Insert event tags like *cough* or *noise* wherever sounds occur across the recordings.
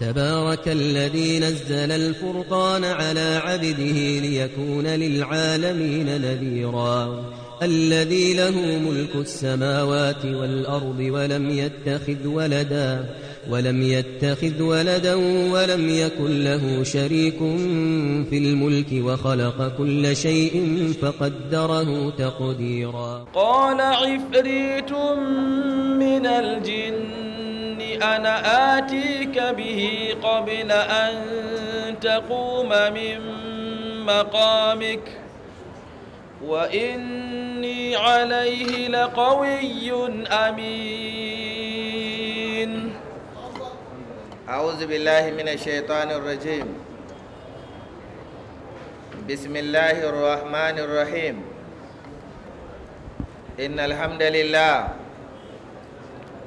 تبارك الذي نزل الفرقان على عبده ليكون للعالمين نذيرا الذي له ملك السماوات والأرض ولم يتخذ ولدا ولم يتخذ ولدا ولم يكن له شريك في الملك وخلق كل شيء فقدره تقديرا قال عفريت من الجن أنا آتيك به قبل أن تقوم من مقامك وإني عليه لقوي أمين أعوذ بالله من الشيطان الرجيم بسم الله الرحمن الرحيم إن الحمد لله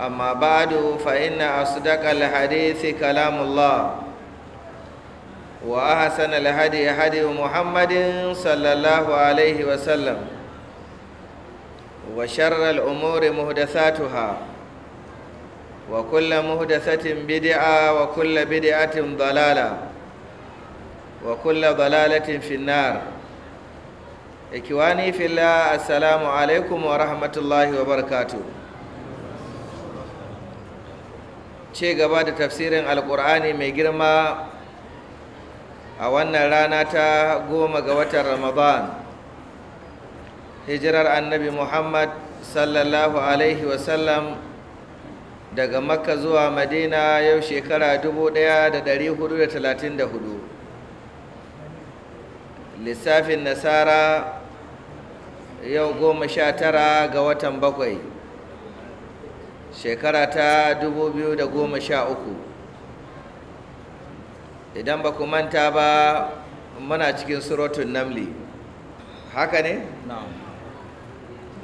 أما بعد فإن أصدق الحديث كلام الله وأحسن الهدي هدي محمد صلى الله عليه وسلم وشر الأمور مهدثاتها وكل مهدثة بدعة وكل بدعة ضلالة وكل ضلالة في النار إكواني في الله السلام عليكم ورحمة الله وبركاته ce gaba da tafsirin alkur'ani mai girma a wannan rana ta goma ga watan ramadan hijirar annabi muhammad sallallahu alaihi wasallam daga makka zuwa madina yau shekara 1434 lissafin nasara yau goma sha tara ga watan bakwai shekara ta 2013 idan ba ku manta ba muna cikin suratun namli haka ne?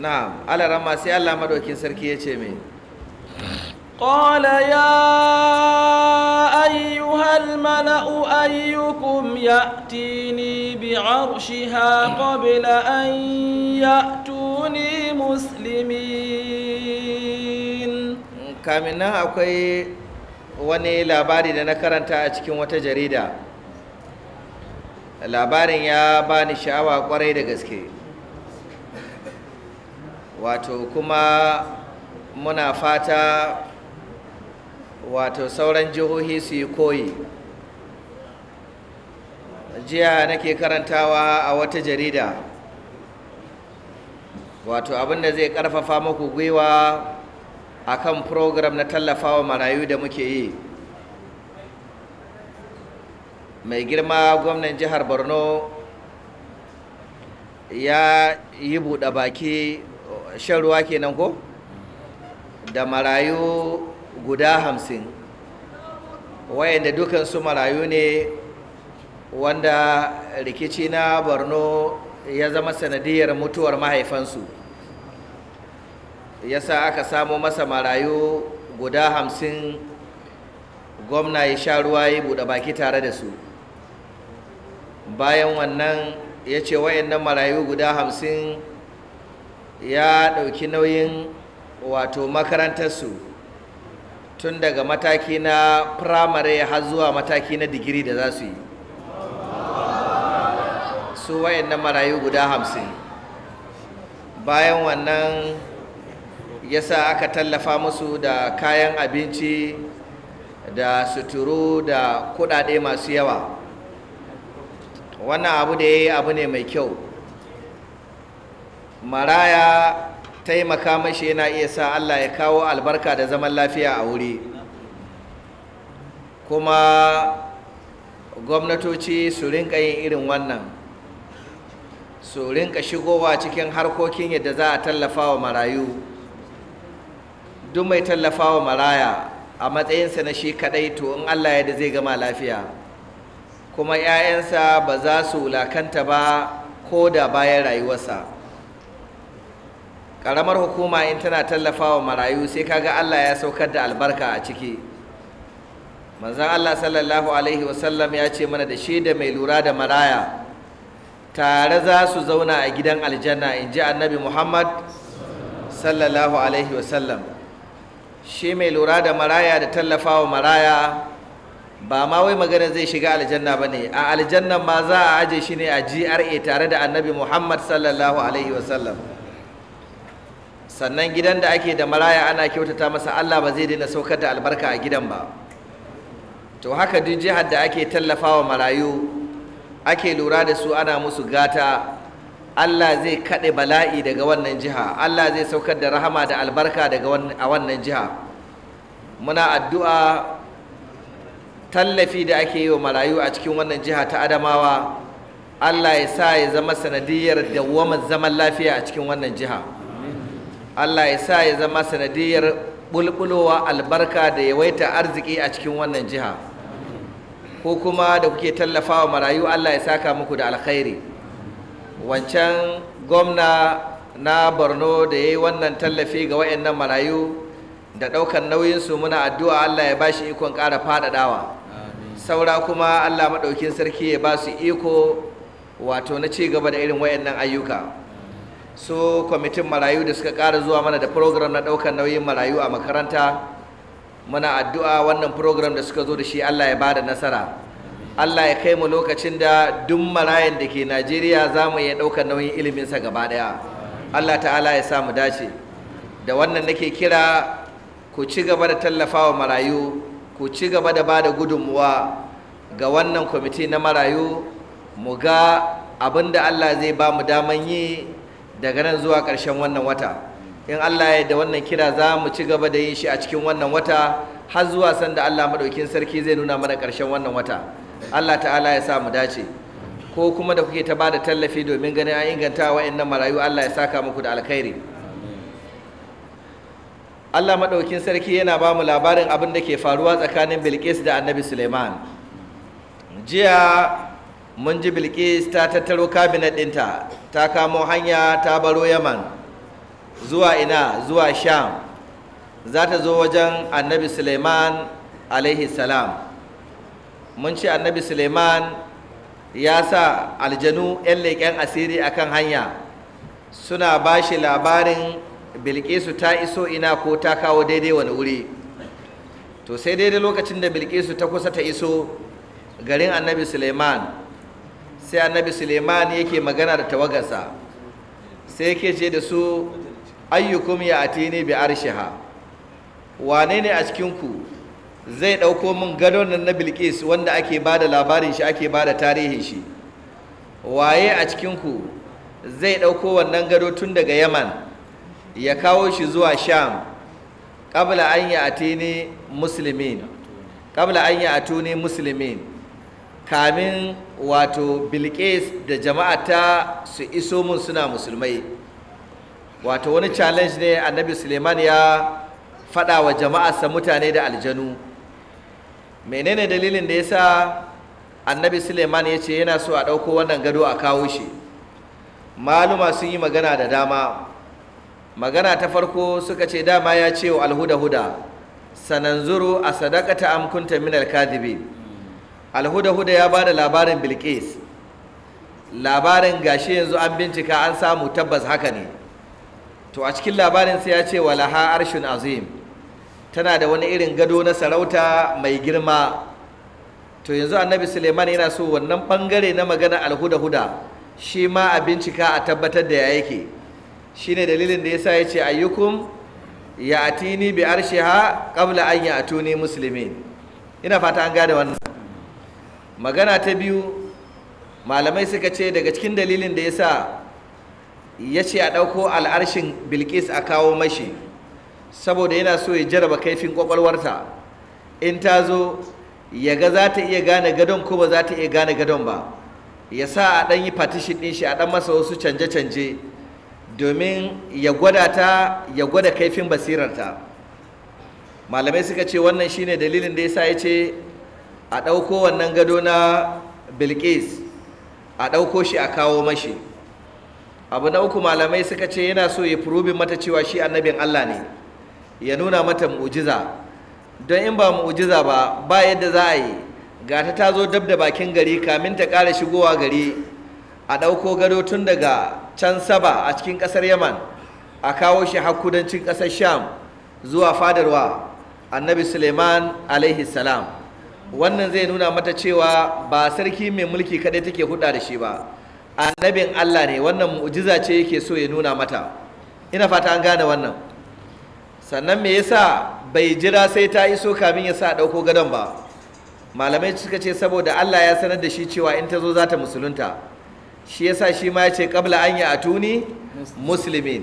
na'am alarama sai allah madaukin sarki ya ce mai قال يا أيها الملأ أيكم يأتيني بعرشها قبل أن يأتوني مسلمين kamin nan akwai wani labari da na karanta a cikin wata jarida labarin ya ba ni sha'awa kwarai da gaske wato kuma muna fata wato sauran jihohi su yi koyi jiya nake karantawa a wata jarida wato abinda zai karfafa muku gwiwa a kan program na tallafawa marayu da muke yi mai girma gwamnan jihar borno ya yi buɗe baki shan ruwa kenan ko da marayu guda hamsin wayanda dukansu marayu ne wanda rikici na borno ya zama sanadiyar mutuwar mahaifansu Ya sa aka samo masa marayu guda hamsin gwamna ya sha ruwa ya buɗe baki tare da su bayan wannan ya ce wayannan marayu guda hamsin ya ɗauki nauyin wato makarantarsu tun daga mataki na firamare har zuwa mataki na digiri da za su yi su wayannan marayu guda hamsin bayan wannan yasa aka tallafa musu da kayan abinci da suturu da kudade masu yawa wannan abu da ya yi abu ne mai kyau maraya taimaka mashi yana iya sa allah ya kawo albarka da zaman lafiya a wuri kuma gwamnatoci su rinka yin irin wannan su rinka shigowa cikin harkokin yadda za a tallafa wa marayu duk mai tallafawa maraya a matsayinsa na shi kadai to in Allah ya da zai gama lafiya kuma 'ya'yansa ba za su wulakanta ba ko da bayan rayuwarsa ƙaramar hukuma in tana tallafawa marayu sai kaga Allah ya saukar da albarka a ciki manzan Allah sallallahu alaihi wasallam ya ce mana da shi da mai lura da maraya tare za su zauna a gidan aljanna in ji annabi Muhammad sallallahu alaihi wasallam shi mai lura da maraya da tallafawa maraya ba ma wai magana zai shiga aljanna ba ne a aljanna ma za a aje shi ne a gra tare da annabi muhammad sallallahu alaihi wasallam sannan gidan da ake da maraya ana kyautata masa allah ba zai daina saukar da albarka a gidan ba to haka duk jihar da ake tallafawa marayu ake lura da su ana musu gata Allah zai kaɗe bala'i daga wannan jiha Allah zai saukar da rahama da albarka daga a wannan jiha muna addu'a tallafi da ake yi wa marayu a cikin wannan jiha ta adamawa Allah ya sa ya zama sanadiyar dawwamar zaman lafiya a cikin wannan jiha Allah ya sa ya zama sanadiyar bulbulowa albarka da yawaita arziki a cikin wannan jiha ko kuma da kuke tallafa wa marayu Allah ya saka muku da alkhairi wancan gwamna na borno da ya yi wannan tallafi ga wayannan marayu da ɗaukar nauyinsu muna addu'a allah ya ba shi ikon ƙara faɗaɗawa saura kuma allah maɗaukin sarki ya ba su iko wato na ci gaba da irin nan ayyuka su kwamitin marayu da suka ƙara zuwa mana da program na ɗaukar nauyin marayu a makaranta muna addu'a wannan program da suka zo da shi allah ya ba da nasara Allah ya kai mu lokacin da duk marayan da ke Najeriya za mu iya ɗaukar nauyin iliminsa gaba ɗaya Allah ta'ala ya sa mu dace da wannan nake kira ku ci gaba da tallafawa marayu ku ci gaba da ba da gudunmuwa ga wannan kwamiti na marayu mu ga abin da Allah zai ba mu daman yi daga nan zuwa ƙarshen wannan wata in Allah ya da wannan kira za mu ci gaba da yin shi a cikin wannan wata har zuwa sanda Allah maɗaukin sarki zai nuna mana ƙarshen wannan wata Allah ta'ala ya sa mu dace ko kuma da kuke ta ba da tallafi domin ganin an inganta inna marayu Allah ya saka muku da alkhairi Allah maɗaukin sarki yana ba mu labarin abin da ke faruwa tsakanin Bilqis da Annabi Suleiman jiya mun ji Bilqis ta tattaro kabinet ɗinta ta kamo hanya ta baro Yaman zuwa ina zuwa Sham za ta zo wajen Annabi Suleiman alaihi salam mun ce annabi suleiman ya sa aljanu 'yan leƙen asiri akan hanya suna ba shi labarin bilkisu ta iso ina ko ta kawo daidai wani wuri to sai daidai lokacin da bilkisu ta kusa ta iso garin annabi suleiman sai annabi suleiman yake magana da tawagarsa sai yake ce da su ayyukum ya atini bi arshiha wane ne a cikinku zai ɗauko min gadon na bilkis wanda ake ba da labarin shi ake ba da tarihin shi waye a cikinku zai ɗauko wannan gado tun daga yaman ya kawo shi zuwa sham ƙabla an yi tuni musulmin ƙabla an yi tuni musulmin kamin wato bilkis da jama'ata su iso mun suna musulmai wato wani challenge ne annabi suleiman ya faɗa wa jama'arsa mutane da aljanu menene dalilin da ya sa annabi suleiman ya ce yana so a ɗauko wannan gado a kawo shi maluma sun yi magana da dama magana ta farko suka ce dama ya ce wa alhuda-huda sananzuru a sadaka ta amkunta min kadibi alhuda-huda ya ba da labarin bilkis labarin gashi yanzu an bincika an samu tabbas haka ne to a cikin labarin sai ya ce wa laha arshin azim tana da wani irin gado na sarauta mai girma to yanzu annabi suleiman yana so wannan bangare na magana alhuda-huda shi ma a bincika a tabbatar da ya yake shi ne dalilin da ya sa ya ce ayyukum ya atini bi arshiha Kabla an ya atuni Musulmi. ina fata an gada wannan magana ta biyu malamai suka ce daga cikin dalilin da ya sa ya ce a ɗauko al'arshin bilkis a kawo mashi saboda yana so ya jaraba kaifin kwakwalwarta in ta zo ya ga za ta iya gane gadon ko ba za ta iya gane gadon ba ya sa a ɗan yi partition ɗin shi a ɗan masa wasu canje-canje domin ya gwada ta ya gwada kaifin basirarta malamai suka ce wannan shine dalilin da ya sa ya ce a ɗauko wannan gado na bilkis a ɗauko shi a kawo mashi abu na uku malamai suka ce yana so ya furubin mata cewa shi annabin allah ne ya nuna mata mu'ujiza. don in ba mu'ujiza ba ba yadda za a yi gata ta zo dab da bakin gari kamin ta ƙara shigowa gari a ɗauko gado tun daga can saba a cikin ƙasar yaman a kawo shi har kudancin ƙasar sham zuwa fadarwa annabi suleiman alaihi salam wannan zai nuna mata cewa ba sarki mai mulki kaɗai take huɗa da shi ba annabin allah ne wannan mu'ujiza ce yake so ya nuna mata ina fata an gane wannan sannan me yasa bai jira sai ta iso kamin ya sa ɗauko gadon ba malamai suka ce saboda Allah ya sanar da shi cewa in ta zo za ta musulunta shi yasa shi ma ya ce kabla an ya tuni muslimin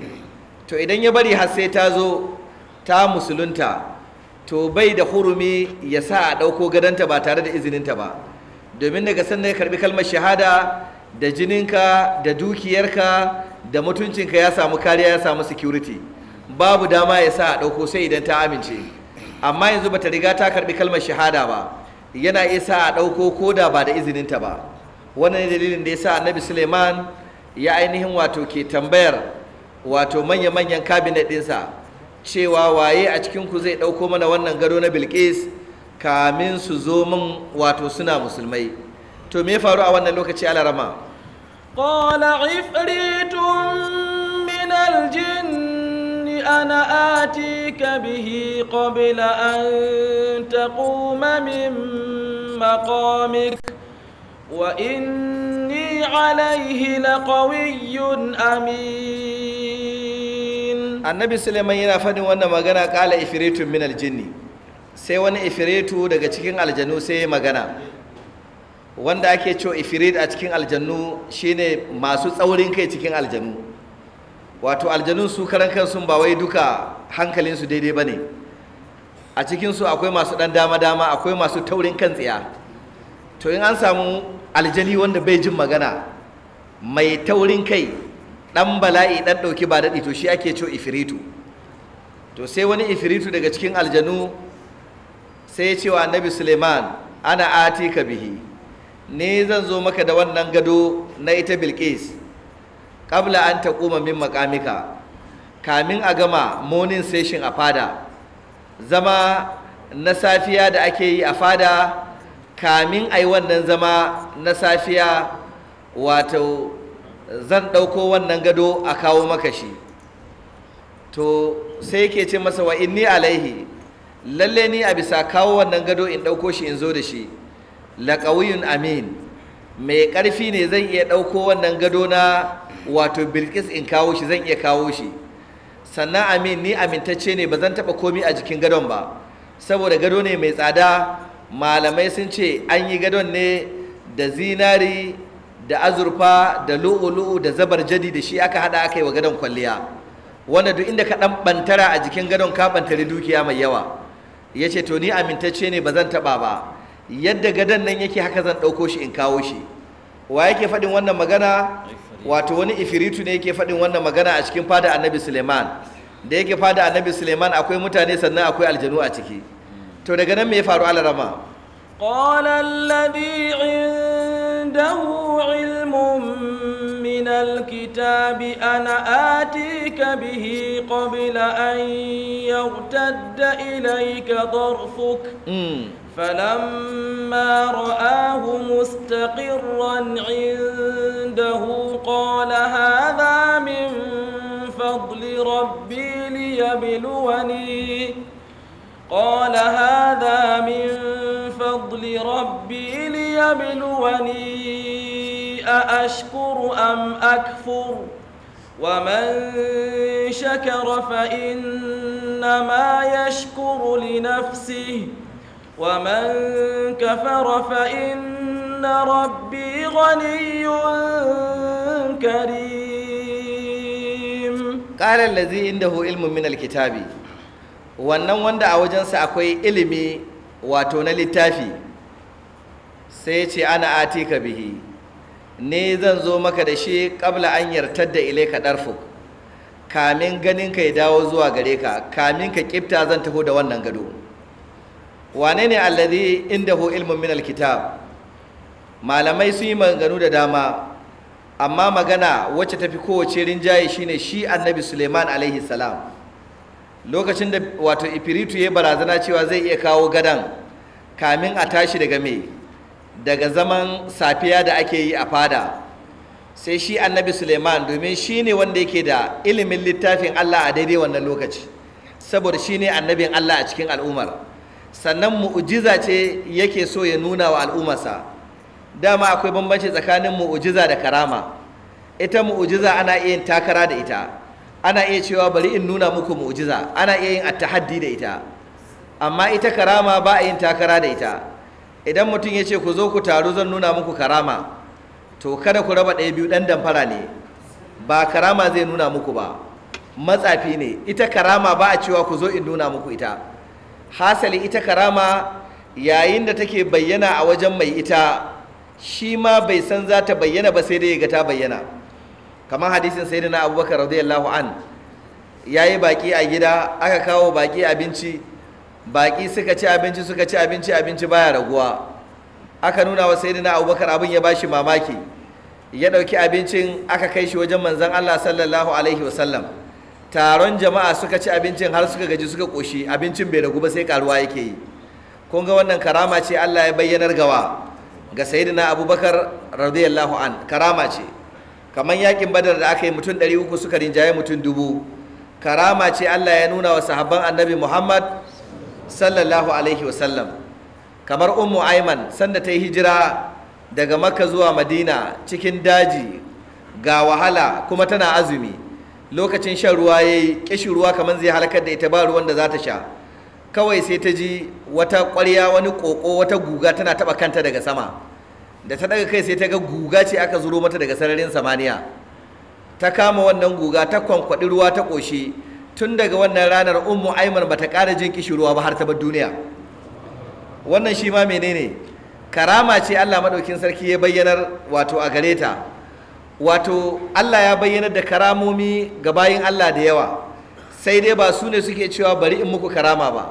to idan ya bari har sai ta zo ta musulunta to bai da hurumi ya sa a ɗauko gadonta ba tare da izininta ba domin daga sannan ya karbi kalmar shahada da jininka da dukiyarka da mutuncinka ya samu kariya ya samu security babu dama ya sa a ɗauko sai idan ta amince amma yanzu bata riga ta karɓi kalmar shahada ba yana iya sa a ɗauko ko da ba da izininta ba wannan ne dalilin da ya sa annabi suleiman ya ainihin wato ke tambayar wato manya-manyan kabinet ɗinsa cewa waye a cikin ku zai ɗauko mana wannan gado na bilkis kamin su zo min wato suna musulmai to me faru a wannan lokaci alarama قال عفريت من الجن أنا آتيك به قبل أن تقوم من مقامك وإني عليه لقوي أمين النبي سليمان yana faɗin wannan magana ƙala ifiritun min aljinni sai wani ifiritu daga cikin aljanu sai magana wanda ake cewa ifirit a cikin aljannu shine masu tsaurin kai cikin aljanu. wato aljanun su karan kansu ba wai duka hankalinsu daidai ba ne a cikinsu akwai masu ɗan dama-dama akwai masu taurin kan tsiya to in an samu aljali wanda bai jin magana mai taurin kai ɗan bala'i ɗan ɗauki ba daɗi to shi ake co ifiritu to sai wani ifiritu daga cikin aljanu sai cewa annabi suleiman ana ati ka bihi ne zan zo maka da wannan gado na ita bilkis qabla an taquma min maqamika kamin a gama morning session a fada zama na safiya da ake yi a fada kamin a yi wannan zama na safiya wato zan ɗauko wannan gado a kawo maka shi to sai yake ce masa wa inni alaihi lalle ni a bisa kawo wannan gado in ɗauko shi in zo da shi laƙawiyun amin mai ƙarfi ne zan iya ɗauko wannan gado na wato bilkis in kawo shi zan iya kawo shi sannan amin ni amintacce ne ba zan taɓa komi a jikin gadon ba saboda gado ne mai tsada malamai sun ce an yi gadon ne da zinari da azurfa da lu'ulu'u da zabar jadi da shi aka hada aka yi wa gadon kwalliya wanda duk inda ka dan bantara a jikin gadon ka bantari dukiya mai yawa ya ce to ni amintacce ne ba zan taba ba yadda gadon nan yake haka zan ɗauko shi in kawo shi wa yake faɗin wannan magana wato wani ifiritu ne yake faɗin wannan magana a cikin fada annabi suleiman da yake fada annabi suleiman akwai mutane sannan akwai aljanu a ciki to daga nan me ya faru alarama qala alladhi indahu ilmun من الكتاب أنا آتيك به قبل أن يرتد إليك ضرفك فلما رآه مستقرا عنده قال هذا من فضل ربي ليبلوني قال هذا من فضل ربي ليبلوني أأشكر أم أكفر ومن شكر فإنما يشكر لنفسه ومن كفر فإن ربي غني كريم قال الذي عنده علم من الكتاب wannan wanda a wajensa akwai ilimi wato na littafi sai ce ana atika bihi ne zan zo maka da shi kabla an yartar da ile ka ɗarfu kamin ganin ka ya dawo zuwa gare ka kamin ka kifta zan taho da wannan gado wane ne allazi hu ilmin min alkitab malamai sun yi maganganu da dama amma magana wacce tafi kowace rinjaye shine shi annabi suleiman alaihi salam lokacin da wato ifiritu ya barazana cewa zai iya kawo gadan kamin a tashi daga mai daga zaman safiya da ake yi a fada sai shi annabi suleiman domin shi ne wanda yake da ilimin littafin allah a daidai wannan lokaci saboda shi ne annabin allah a cikin al'ummar sannan mu'ujiza ce yake so ya nuna wa al'ummarsa dama akwai bambanci tsakanin mu'ujiza da karama ita mu'ujiza ana iya yin takara da ita ana iya cewa bari in nuna muku mu'ujiza ana iya yin attahaddi da ita amma ita karama ba a yin takara da ita idan mutum ya ce ku zo ku taru zan nuna muku karama to kada ku raba ɗaya biyu ɗan damfara ne ba karama zai nuna muku ba matsafi ne ita karama ba a cewa ku zo in nuna muku ita hasali ita karama yayin da take bayyana a wajen mai ita shi ma bai san za ta bayyana ba sai dai ga ta bayyana kamar hadisin sayyidina abubakar radiyallahu an yayi baki a gida aka kawo baki abinci baƙi suka ci abinci suka ci abinci abinci baya raguwa aka nuna wa sayyidina abubakar abin ya bashi mamaki ya ɗauki abincin aka kai shi wajen manzan allah sallallahu alaihi wasallam taron jama'a suka ci abincin har suka gaji suka ƙoshi abincin bai ragu ba sai karuwa yake yi kun ga wannan karama ce allah ya bayyanar gawa ga sayyidina abubakar radiyallahu an karama ce kamar yakin badar da aka yi mutum ɗari uku suka rinjaye mutum dubu karama ce allah ya nuna wa sahabban annabi muhammad sallallahu alaihi wasallam kamar ummu aiman sanda ta yi hijira daga makka zuwa madina cikin daji ga wahala kuma tana azumi lokacin shan ruwa ya yi ƙishin ruwa kamar zai halakar da ita ba ruwan da za ta sha kawai sai ta ji wata kwarya wani ƙoƙo wata guga tana taɓa kanta daga sama da ta daga kai sai ta ga guga ce aka zuro mata daga sararin samaniya ta kama wannan guga ta kwankwaɗi ruwa ta ƙoshi tun daga wannan ranar ummu aiman bata kara jin kishirwa ba har ta bar duniya wannan shi ma menene karama ce Allah madaukin sarki ya bayyanar wato a gare ta wato Allah ya bayyanar da karamomi ga bayin Allah da yawa sai dai ba su ne suke cewa bari in muku karama ba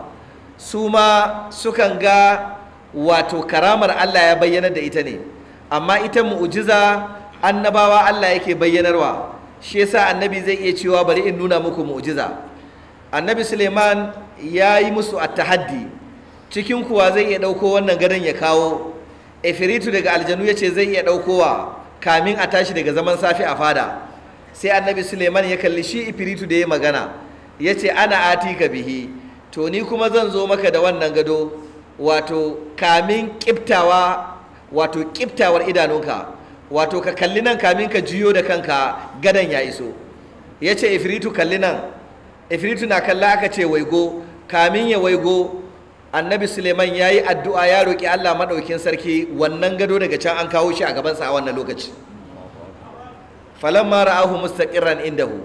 su ma sukan ga wato karamar Allah ya bayyanar da ita ne amma ita mu'ujiza annabawa Allah yake bayyanarwa shi yasa annabi zai iya cewa bari in nuna muku mu'jiza annabi suleiman ya yi musu attahaddi cikin kuwa zai iya ɗauko wannan gadon ya kawo efiritu daga aljanu ya ce zai iya ɗaukowa kamin a tashi daga zaman safi a fada sai annabi suleiman ya kalli shi ifiritu da ya magana ya ce ana ati ka bihi to ni kuma zan zo maka da wannan gado wato kamin kiptawa idanunka wato ka kalli nan kamin ka juyo da kanka gadan ya iso ya ce ifritu kalli nan ifritu na kalla aka ce waigo kamin ya waigo annabi suleiman ya yi addu'a ya roƙi allah maɗaukin sarki wannan gado daga can an kawo shi a gabansa a wannan lokaci ahu ra'ahu inda indahu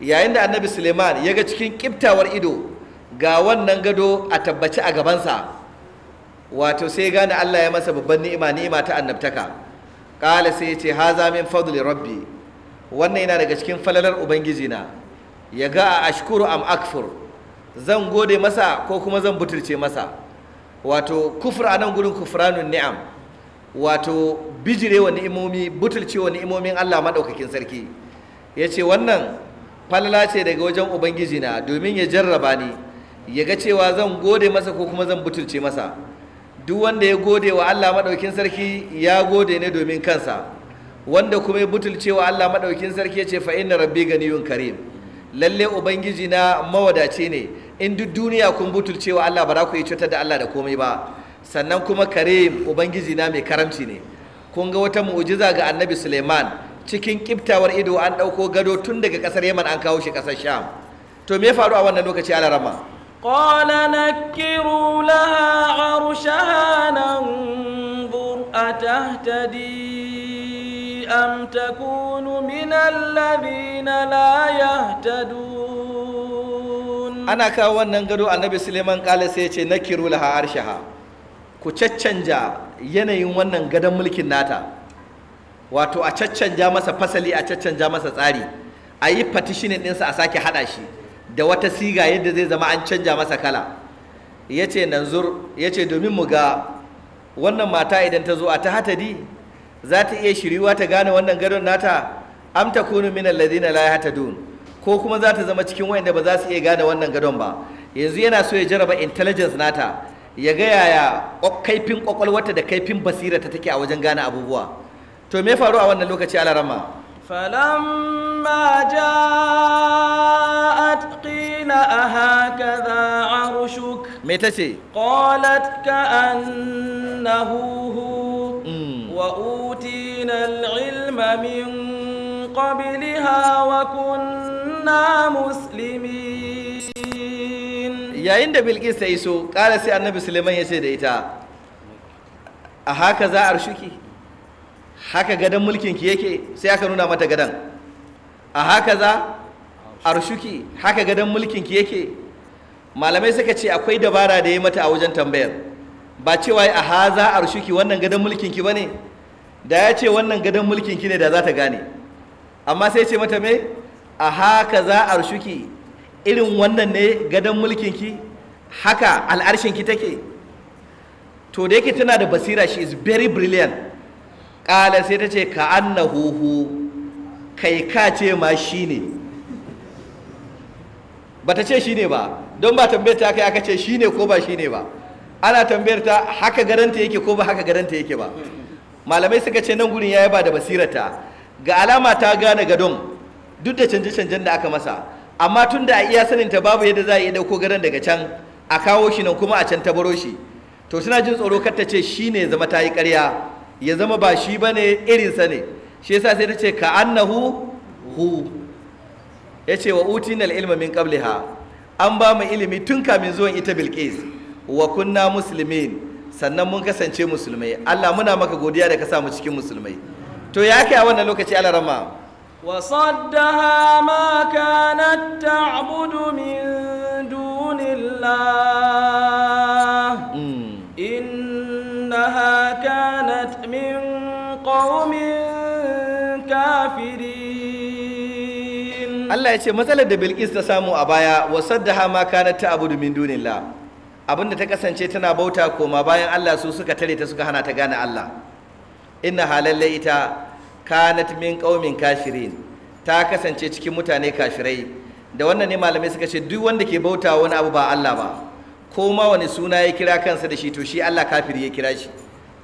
yayin da annabi suleiman ya ga cikin ƙiftawar ido ga wannan gado a tabbaci a gabansa wato sai gane allah ya masa babban ni'ima ni'ima ta annabtaka ƙala sai ya ce haza min fadli rabbi wannan yana daga cikin falalar ubangiji na ya ga a ashkuru am akfur zan gode masa ko kuma zan butulce masa wato kufur a nan gurin kufranun ni'am wato bijire wa ni'imomi butulce wa ni'imomin Allah maɗaukakin sarki yace wannan falala ce daga wajen ubangiji na domin ya jarraba ni ya ga cewa zan gode masa ko kuma zan butulce masa duk wanda ya gode wa Allah maɗaukin sarki ya gode ne domin kansa wanda kuma ya butulce wa Allah maɗaukin sarki ya ce fa na rabbi ganiyun karim lalle ubangiji na mawadace ne in duk duniya kun butulce wa Allah ba za ku yi cutar da Allah da komai ba sannan kuma karim ubangiji na mai karamci ne kun ga wata mu'jiza ga annabi Suleiman cikin kiftawar ido an ɗauko gado tun daga ƙasar Yaman an kawo shi ƙasar Sham to me ya faru a wannan lokaci alarama قال نكروا لها عرشها ننظر أتهتدي أم تكون من الذين لا يهتدون أنا كاوان ننقروا النبي سليمان قال سيتي نكروا لها عرشها ku caccanja yanayin wannan gadon mulkin nata wato a caccanja masa fasali a caccanja masa tsari a yi fatishinin ɗinsa a sake haɗa shi da wata siga yadda zai zama an canja masa kala ya ce nanzur ya ce domin mu ga wannan mata idan ta zo a ta hatadi za ta iya shiriwa ta gane wannan gadon nata am ta kunu min alladhina la yahtadun ko kuma za ta zama cikin wayanda ba za su iya gane wannan gadon ba yanzu yana so ya jaraba intelligence nata ya ga yaya kaifin kwakwalwata da kaifin basira ta take a wajen gane abubuwa to me faru a wannan lokaci alarama فلما جاءت قيل أهكذا عرشك متى قالت كأنه هو وأوتينا العلم من قبلها وكنا مسلمين يا عند بالقيس يسو قال سي النبي سليمان يسيد إيتا أهكذا عرشك haka gadon mulkinki yake sai aka nuna mata gadon a haka za arshuki haka gadon mulkinki yake malamai suka ce akwai dabara da ya mata a wajen tambayar ba cewa a haza arshuki wannan gadon mulkinki ba ne da ya ce wannan gadon mulkinki ne da za ta gane amma sai ce mata me a haka za arshuki irin wannan ne gadon mulkin ki haka al'arshinki take to da yake tana da basira shi is very brilliant ƙala sai ta ce ka huhu kai ka ce ma shi ne ba ta ce shi ne ba don ba tambayar ta kai aka ce shi ne ko ba shi ne ba ana tambayar ta haka garanta yake ko ba haka garanta yake ba malamai suka ce nan gurin ya ba da basirata ga alama ta gane gadon duk da canje-canjen da aka masa amma tun da a iya sanin ta babu yadda za a iya dauko garan daga can a kawo shi nan kuma a can ta baro shi to suna jin tsoro kar ta ce shi ne zama ta yi karya. ya zama ba shi ba ne irinsa ne shi yasa sai ta ce ka annahu hu ya ce wa utinal ilma min an ba mu ilimi tun kamin zuwan ita bilkis wa kunna Musulmin sannan mun kasance musulmai Allah muna maka godiya da ka samu cikin musulmai to ya kai a wannan lokaci alarama rama وصدها ma كانت ta'budu min dunillah hmm. إنها كانت من قوم كافرين الله يشي مثلا a تسامو أبايا وصدها ما كانت تعبد من دون الله da ta kasance tana bauta koma bayan Allah su suka tare ta suka hana ta gane Allah inna halalle ita kanatmin min qaumin ta kasance cikin mutane kafirai. da wannan ne malamai suka ce duk wanda ke bauta wani abu ba Allah ba ko ma wani suna ya kira kansa da shi to shi Allah kafiri ya kira shi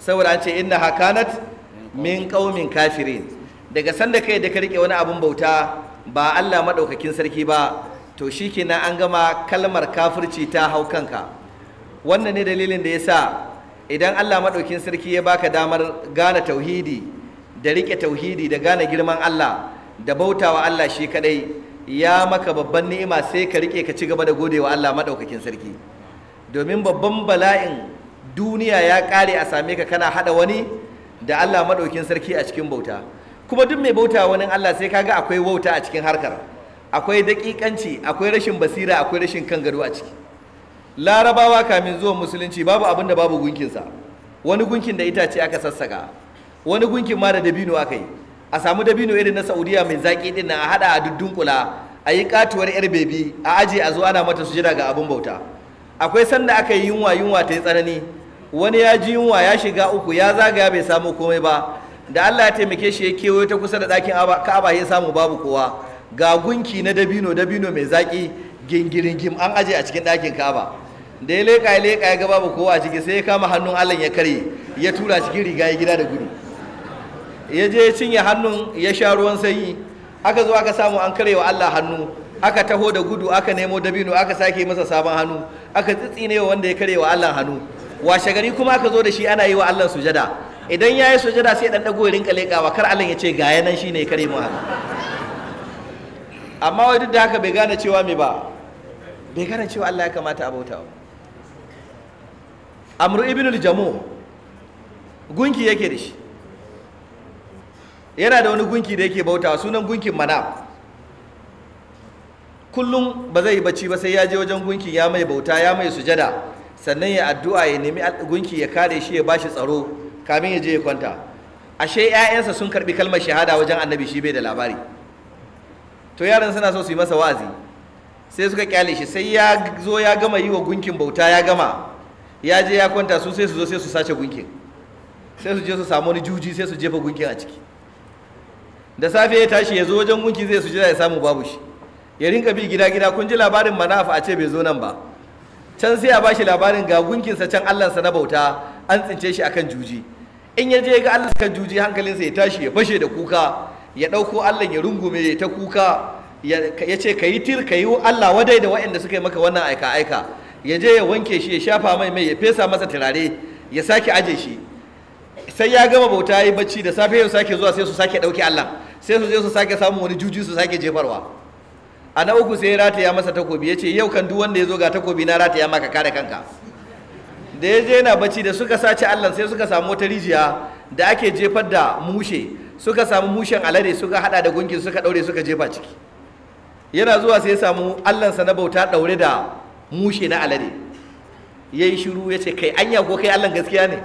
saboda an ce inna hakanat min qaumin kafirin daga sanda kai da ka rike wani abun bauta ba Allah madaukakin sarki ba to shikenan an gama kalmar kafirci ta hau kanka wannan ne dalilin da yasa idan Allah madaukakin sarki ya baka damar gane tauhidi da rike tauhidi da gane girman Allah da bautawa Allah shi kadai ya maka babban ni'ima sai ka rike ka ci gaba da godewa Allah madaukakin sarki domin babban bala'in duniya ya kare a same ka kana hada wani da Allah madaukin sarki a cikin bauta kuma duk mai bauta wani Allah sai kaga akwai wauta a cikin harkar akwai dakikanci akwai rashin basira akwai rashin kan gado a ciki larabawa kamin zuwa musulunci babu abin da babu gunkinsa wani gunkin da itace aka sassaka wani gunkin ma da dabino aka yi a samu dabino irin na saudiya mai zaƙi din a hada a duddunkula a yi katuwar yar bebi a aje a zo ana mata sujada ga abin bauta akwai sanda aka yi yunwa yunwa ta yi tsanani wani ya ji yunwa ya shiga uku ya zagaya bai samu komai ba da Allah ya taimake shi ya kewaye ta kusa da ɗakin Ka'aba ya samu babu kowa ga gunki na dabino dabino mai zaki gingiringim an aje a cikin ɗakin Ka'aba da ya leƙa ya leƙa ya ga babu kowa a ciki sai ya kama hannun Allah ya karye ya tura cikin riga ya gida da gudu ya je ya cinye hannun ya sha ruwan sanyi aka zo aka samu an wa Allah hannu aka taho da gudu aka nemo dabino aka sake masa sabon hannu aka tsitsine wanda ya wa Allah hannu washe gari kuma ka zo da shi ana yi wa Allah sujada idan ya yi sujada sai dan dago rinka leƙawa kar Allah ya ce ga yanan shi ne kare mu amma wai duk da haka bai gane cewa me ba bai gane cewa Allah ya kamata a bauta amru ibn al-jamu gunki yake da shi yana da wani gunki da yake bautawa sunan gunkin Mana kullum ba zai bacci ba sai ya je wajen gunki ya mai bauta ya mai sujada sannan ya addu'a ya nemi gunki ya kare shi ya bashi tsaro kamin ya je ya kwanta ashe 'ya'yansa sun karbi kalmar shahada wajen annabi shi bai da labari to yaran suna so su yi masa wa'azi sai suka kyale shi sai ya zo ya gama yi wa gunkin bauta ya gama ya je ya kwanta su sai su zo sai su sace gunkin sai su je su samu wani juji sai su jefa gunkin a ciki da safe ya tashi ya zo wajen gunki zai su jira ya samu babu shi ya rinka bi gida gida kun ji labarin manaf a ce bai zo nan ba can sai ya ba shi labarin ga gunkinsa can allansa na bauta an tsince shi akan juji in ya je ga allah kan juji hankalinsa ya tashi ya fashe da kuka ya ɗauko allah ya rungume ya ta kuka ya ce ka yi tir ka yi allah wadai da waɗanda suka yi maka wannan aika aika ya je ya wanke shi ya shafa mai mai ya fesa masa turare ya sake aje shi sai ya gama bauta ya yi bacci da safe ya sake zuwa sai su sake ɗauke allah sai su je su sake samun wani juji su sake jefarwa a na uku sai rataya masa takobi ya ce yau kan duk wanda ya zo ga takobi na rataya maka kare kanka da ya je yana bacci da suka sace allah sai suka samu wata rijiya da ake jefar da mushe suka samu mushen alade suka hada da gungin suka daure suka jefa ciki yana zuwa sai ya samu allansa na bauta daure da mushe na alade ya yi shiru ya ce kai anya ko kai allan gaskiya ne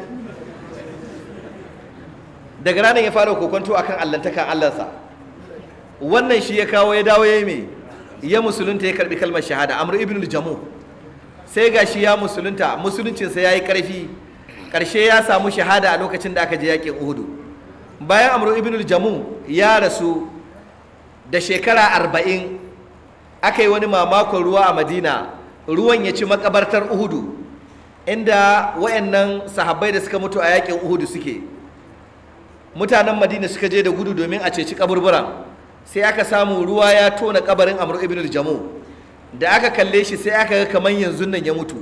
daga ranar ya fara kokonto akan allantakan allansa wannan shi ya kawo ya dawo ya yi mai ya musulunta ya karbi kalmar shahada amr ibn jamu sai gashi ya musulunta musuluncinsa ya yi karfi karshe ya samu shahada a lokacin da aka je yakin uhudu bayan amr ibn jamu ya rasu da shekara arba'in aka yi wani mamakon ruwa a madina ruwan ya ci makabartar uhudu inda wayannan sahabbai da suka mutu a yakin uhudu suke mutanen madina suka je da gudu domin a ceci kaburburan sai aka samu ruwa ya tona kabarin amru ibn jamu da aka kalle shi sai aka ga kamar yanzu nan ya mutu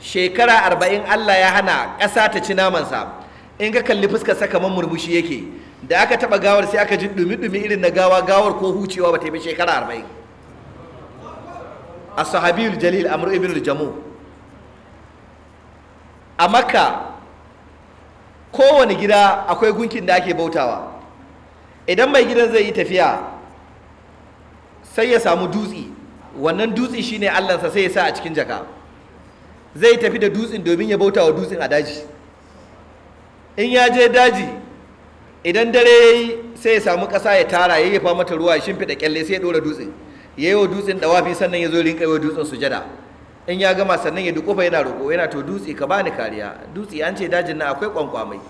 shekara arba'in allah ya hana kasa ta ci namansa in ka kalli sa kamar murmushi yake da aka taɓa gawar sai aka ji dumi-dumi irin na gawa gawar ko hucewa ba ta yi shekara arba'in a sahabiyul jalil amru ibn jamu a makka kowane gida akwai gunkin da ake bautawa idan mai gidan zai yi tafiya sai ya samu dutse wannan dutse shine allansa sai ya sa a cikin jaka zai tafi da dutsen domin ya bauta wa dutsen a daji in ya je daji idan dare ya yi sai ya samu ƙasa ya tara ya yi mata ruwa ya shimfiɗa kyalle sai ya ɗora dutsin ya yi wa dutsen ɗawafi sannan ya zo rinka yi wa dutsen sujada in ya gama sannan ya duƙufa yana roƙo yana to dutse ka bani kariya dutse an ce dajin nan akwai kwankwamai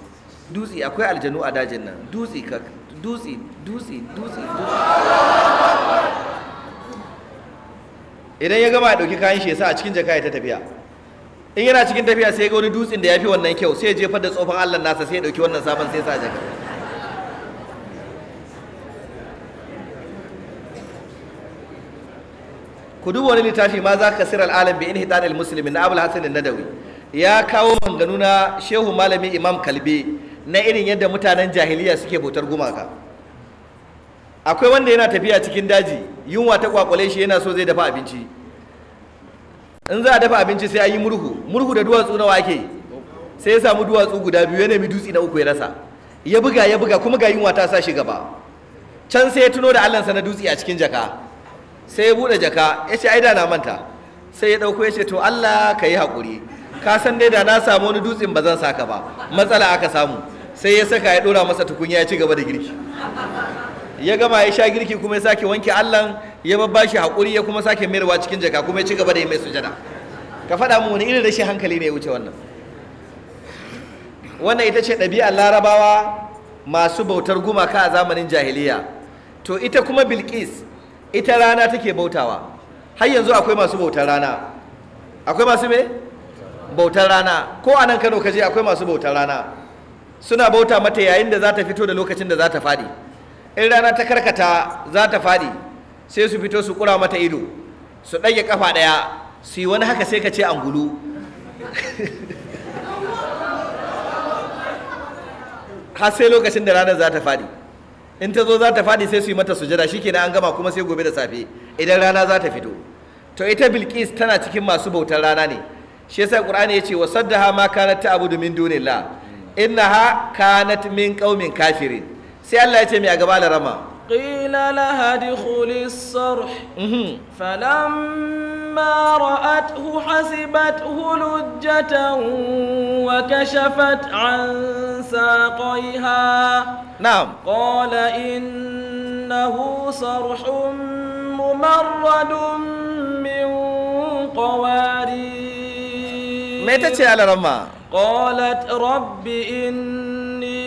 dutse akwai aljanu a dajin nan dutse ka dutse dutse dutse dutse idan ya gama ya ɗauki kayan shi ya sa a cikin jaka ya ta tafiya in yana cikin tafiya sai ya ga wani dutsen da ya fi wannan kyau sai ya jefar da tsofan allah nasa sai ya ɗauki wannan sabon sai ya sa a jaka ku duba wani littafi ma za ka sir al'alam bi inhitan al musulmi na abul hasan nadawi ya kawo manganu na shehu malami imam kalbe na irin yadda mutanen jahiliya suke bautar gumaka akwai wanda yana tafiya cikin daji yunwa ta kwakwale shi yana so zai dafa abinci in za a dafa abinci sai a yi murhu murhu da duwatsu nawa ake sai ya samu duwatsu guda biyu yana nemi dutsi na uku ya rasa ya buga ya buga kuma ga yunwa ta sa shi gaba can sai ya tuno da allansa na dutsi a cikin jaka sai ya buɗe jaka ya ce ai da na manta sai ya ɗauko ya ce to allah ka yi hakuri. ka san dai da na samu wani dutsen ba zan saka ba matsala aka samu sai ya saka ya ɗora masa tukunya ya ci gaba da girki ya gama ya sha girki kuma ya sake wanke allan ya babba shi haƙuri ya kuma sake mayarwa cikin jaka kuma ya ci gaba da yi mai sujada ka faɗa mu wani irin rashin hankali ne ya wuce wannan wannan ita ce ɗabi'ar larabawa masu bautar gumaka a zamanin jahiliya to ita kuma bilkis ita rana take bautawa har yanzu akwai masu bautar rana akwai masu me bautar rana ko a nan kano ka je akwai masu bautar rana suna bauta mata yayin da za ta fito da lokacin da za ta faɗi in rana ta karkata za ta faɗi sai su fito su kura mata ido su ɗage kafa ɗaya su yi wani haka sai ka ce angulu *laughs* har sai lokacin da ranar za ta faɗi in ta zo za ta faɗi sai su yi mata su sujada shikenan an gama kuma sai gobe da safe idan rana za ta fito to ita bilkis tana cikin masu bautar rana ne shi yasa qur'ani yace wa saddaha ma kanat ta'budu min dunillah innaha kanat min qaumin kafirin سي الله يتي مي غبال رما قيل لها ادخل الصرح فلما رأته حسبته لجة وكشفت عن ساقيها نعم قال إنه صرح ممرد من قوارير متى على رما قالت رب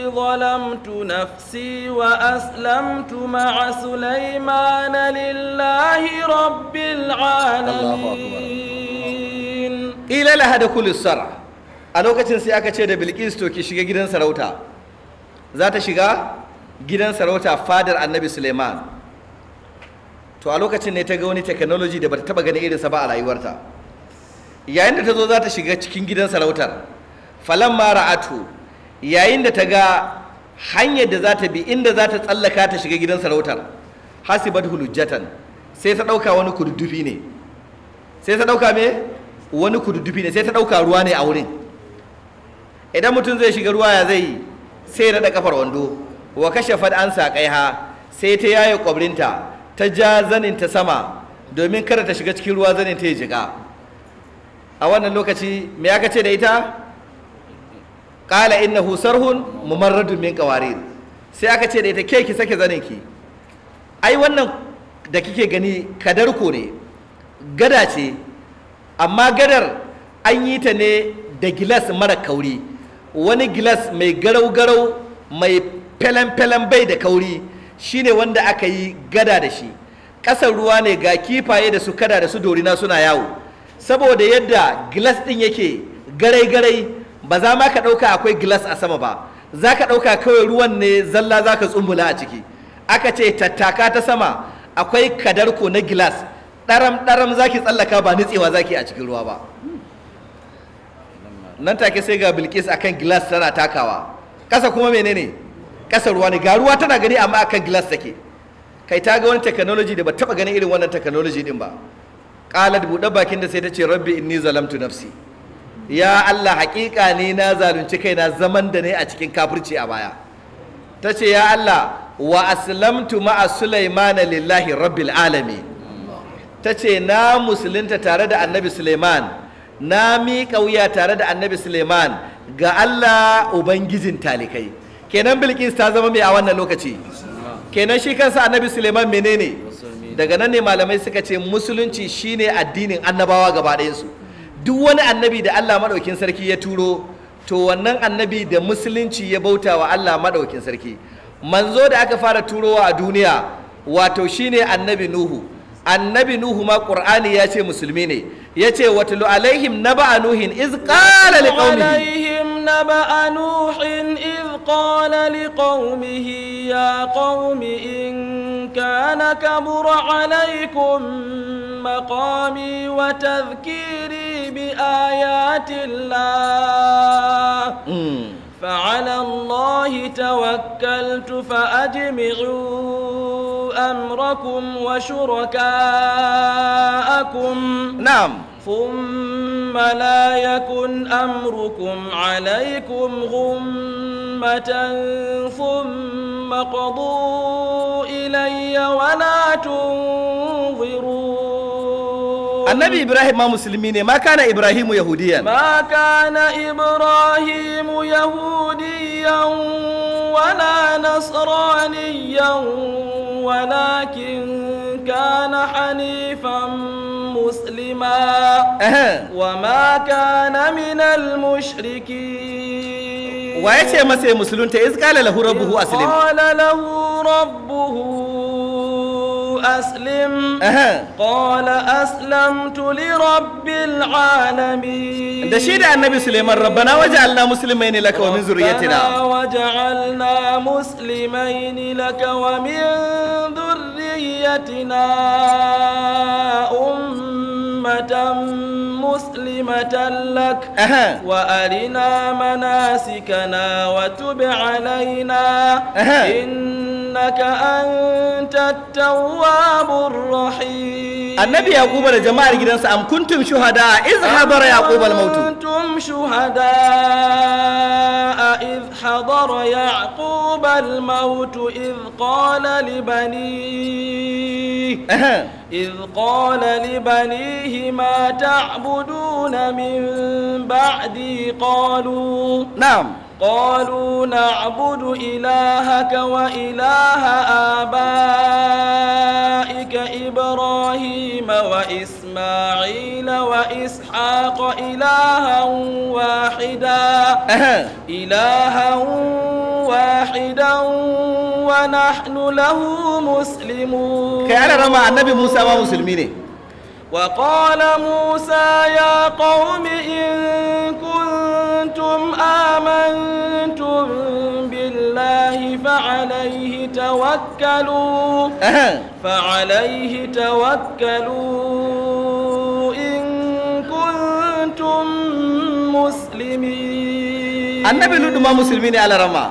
ظلمت نفسي وأسلمت مع سليمان لله رب العالمين a lokacin sai aka ce da bilkis to shiga gidan sarauta za ta shiga gidan sarauta fadar annabi suleiman to a lokacin ne ta ga wani technology da bata taba ganin sa ba a rayuwarta yayin da ta zo za ta shiga cikin gidan sarautar falan ma ra'atu yayin da ta ga hanyar da za ta bi inda za ta tsallaka ta shiga gidan sarautar hasibat hulujjatan sai ta ɗauka wani kududdufi ne sai ta ɗauka me wani kududdufi ne sai ta ɗauka ruwa ne a wurin idan mutum zai shiga ruwa ya zai sai ya daɗa kafar wando wa kashe fad an ha sai ta yaye ƙwabrinta ta ja zanin ta sama domin kada ta shiga cikin ruwa zanin ta ya jiga a wannan lokaci me aka ce da ita qala innahu sarhun mumarradun min qawarir sai aka ce da ita ke ki sake zanin ki ai wannan da kike gani kadar ko ne gada ce amma gadar an yi ta ne da gilas mara kauri wani gilas mai garau-garau mai felen-felen bai da kauri shine wanda aka yi gada da shi ƙasar ruwa ne ga kifaye da su kada da su dorina suna yawo saboda yadda gilas ɗin yake garai-garai ba za ma ka ɗauka akwai glass a sama ba za ka ɗauka kawai ruwan ne zalla za ka tsumbula a ciki aka ce tattaka ta sama akwai kadarko na glass ɗaram ɗaram za ki tsallaka ba nitsewa za ki a cikin ruwa ba nan take sai ga bilkis kan glass tana takawa ƙasa kuma menene ƙasa ruwa ne ga ruwa tana gani amma akan glass take kai ta ga wani technology da ba taɓa ganin irin wannan technology din ba ƙalat buɗe bakin da sai ta ce rabbi inni zalamtu nafsi ya Allah haƙiƙa ne na zalunci kaina zaman da ne a cikin kafirci a baya ta ce ya Allah wa aslamtu ma'a sulaimana lillahi rabbil alami ta ce na musulunta tare da annabi suleiman na miƙa wuya tare da annabi suleiman ga Allah ubangijin talikai kenan bilkis ta zama mai a wannan lokaci kenan shi kansa annabi suleiman menene daga nan ne malamai suka ce musulunci shine addinin annabawa gaba ɗayansu duk wani annabi da Allah maɗaukin sarki ya turo to wannan annabi da musulunci ya bauta wa Allah maɗaukin sarki manzo da aka fara turowa a duniya wato shine annabi nuhu annabi nuhu ma ƙur'ani ya ce musulmi ne ya ce watulu alaihim naba'a nuhin iz qala نبأ نوح إذ قال لقومه يا قوم إن كان كبر عليكم مقامي وتذكيري بآيات الله فعلى الله توكلت فأجمعوا أمركم وشركاءكم نعم ثم لا يكن أمركم عليكم غمة ثم قضوا إلي ولا تنظرون annabi ibrahim ma musulmi ne ma kana ibrahimu yahudiyan ma kana ibrahimu yahudiyan wala nasraniyan walakin kana hanifan muslima wa ma kana minal mushrikin wa yace masa musulunta iz qala lahu rabbuhu aslim qala lahu rabbuhu أسلم أه. قال أسلمت لرب العالمين ده شيء النبي سليمان ربنا وجعلنا مسلمين لك ومن ذريتنا ربنا وجعلنا مسلمين لك ومن ذريتنا أمة مسلمة لك أه. وأرنا مناسكنا وتب علينا أه. إنك أنت التواب الرحيم النبي يعقوب لجماعة جدنسا أم كنتم شهداء إذ حضر يعقوب الموت كنتم شهداء إذ حضر يعقوب الموت إذ قال لبنيه أه. إذ قال لبنيه ما تعبد يعبدون من بعدي قالوا نعم قالوا نعبد إلهك وإله آبائك إبراهيم وإسماعيل وإسحاق إلها واحدا إلها واحدا ونحن له مسلمون كان رمى النبي موسى ومسلمين وقال موسى يا قوم إن كنتم آمنتم بالله فعليه توكلوا فعليه توكلوا إن كنتم مسلمين النبي لود ما مسلمين على رما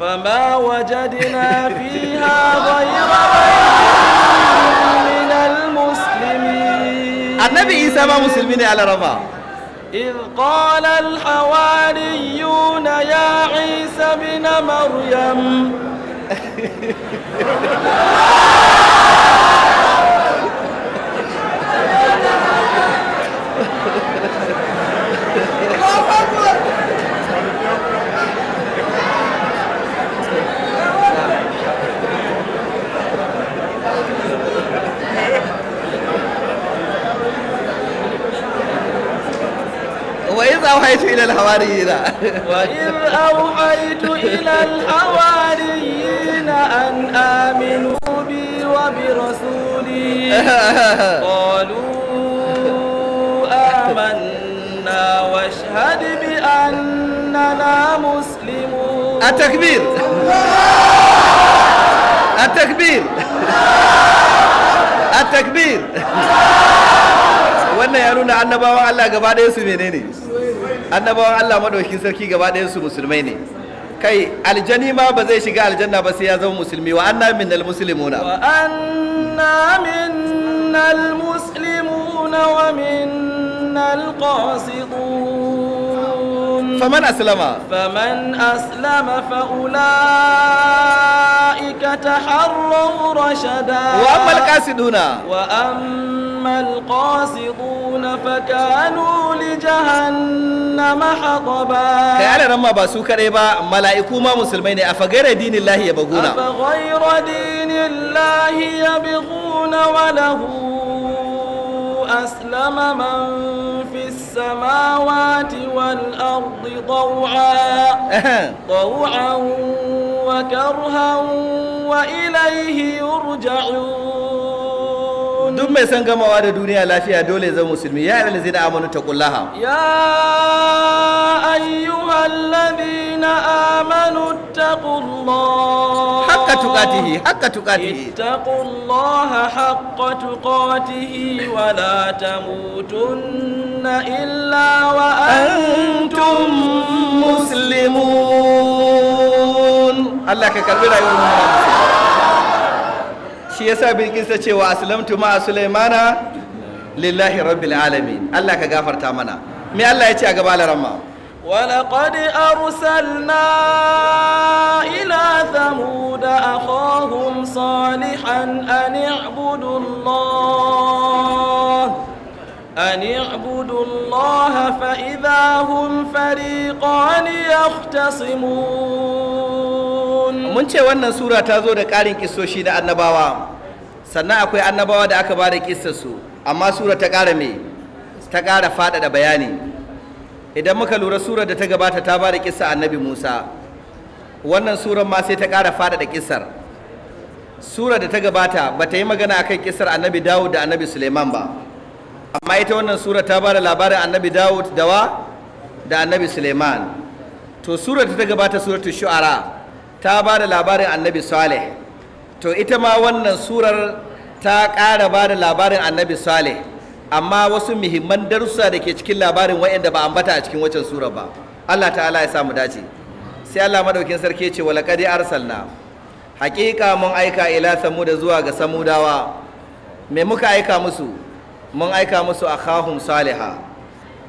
فما وجدنا فيها غير النبي عيسى ما مسلمين على رفا إذ قال الحواريون يا عيسى بن مريم *laughs* وإذ أوحيت إلى الحواريين وإذ أوحيت إلى الحواريين أن آمنوا بي وبرسولي قالوا آمنا واشهد بأننا مسلمون التكبير التكبير التكبير wannan ya nuna annabawan Allah gaba ɗaya su menene annabawan Allah madaukin sarki gaba ɗayan su musulmai ne kai aljani ma ba zai shiga aljanna ba sai ya zama musulmi wa anna minnal muslimuna wa anna minnal muslimuna wa minnal qasidun فمن أسلم فمن أسلم فأولئك تحروا رشدا وأما القاسدون وأما القاسدون فكانوا لجهنم حطبا كأنا لما باسوك ريبا ملائكو ما مسلمين أفغير دين الله يبغون أفغير دين الله يبغون وله أسلم من في السماوات والأرض طوعا *laughs* طوعا وكرها وإليه يرجعون duk mai son gamawa da duniya lafiya dole zama musulmi ya ayyuhal ladzina ta taqullaha ya ayyuhal ladzina amanu taqullaha haqqa tuqatihi haqqa ta taqullaha haqqa tuqatihi wa la tamutunna illa wa antum muslimun Allah ka karbi rayuwar mu shi yasa bilkis ta ce wa aslamtu ma sulaimana lillahi rabbil alamin Allah ka gafarta mana me Allah ya ce a gaba larama ولقد أرسلنا إلى ثمود أخاهم صالحا أن اعبدوا الله أن اعبدوا الله فإذا هم فريقان يختصمون mun ce wannan sura ta zo da ƙarin kisoshi da annabawa sannan akwai annabawa da aka ba da kisarsu amma sura ta ƙara me ta ƙara faɗaɗa bayani idan muka lura surar da ta gabata ta ba da kissa annabi musa wannan surar ma sai ta ƙara faɗaɗa kisar surar da ta gabata ba ta yi magana akan kisar annabi dawud da annabi suleiman ba amma ita wannan surar ta ba da labarin annabi dawud da wa da annabi suleiman to surar da ta gabata suratul shu'ara ta ba da labarin annabi saleh to ita ma wannan surar ta ƙara ba da labarin annabi saleh amma wasu muhimman darussa da ke cikin labarin wa'anda ba ambata a cikin waccan surar ba allah ta'ala ya samu dace sai allah madaukin sarki ce wa laqad arsalna haƙiƙa mun aika ila samuda zuwa ga samudawa me muka aika musu mun aika musu akhahum saliha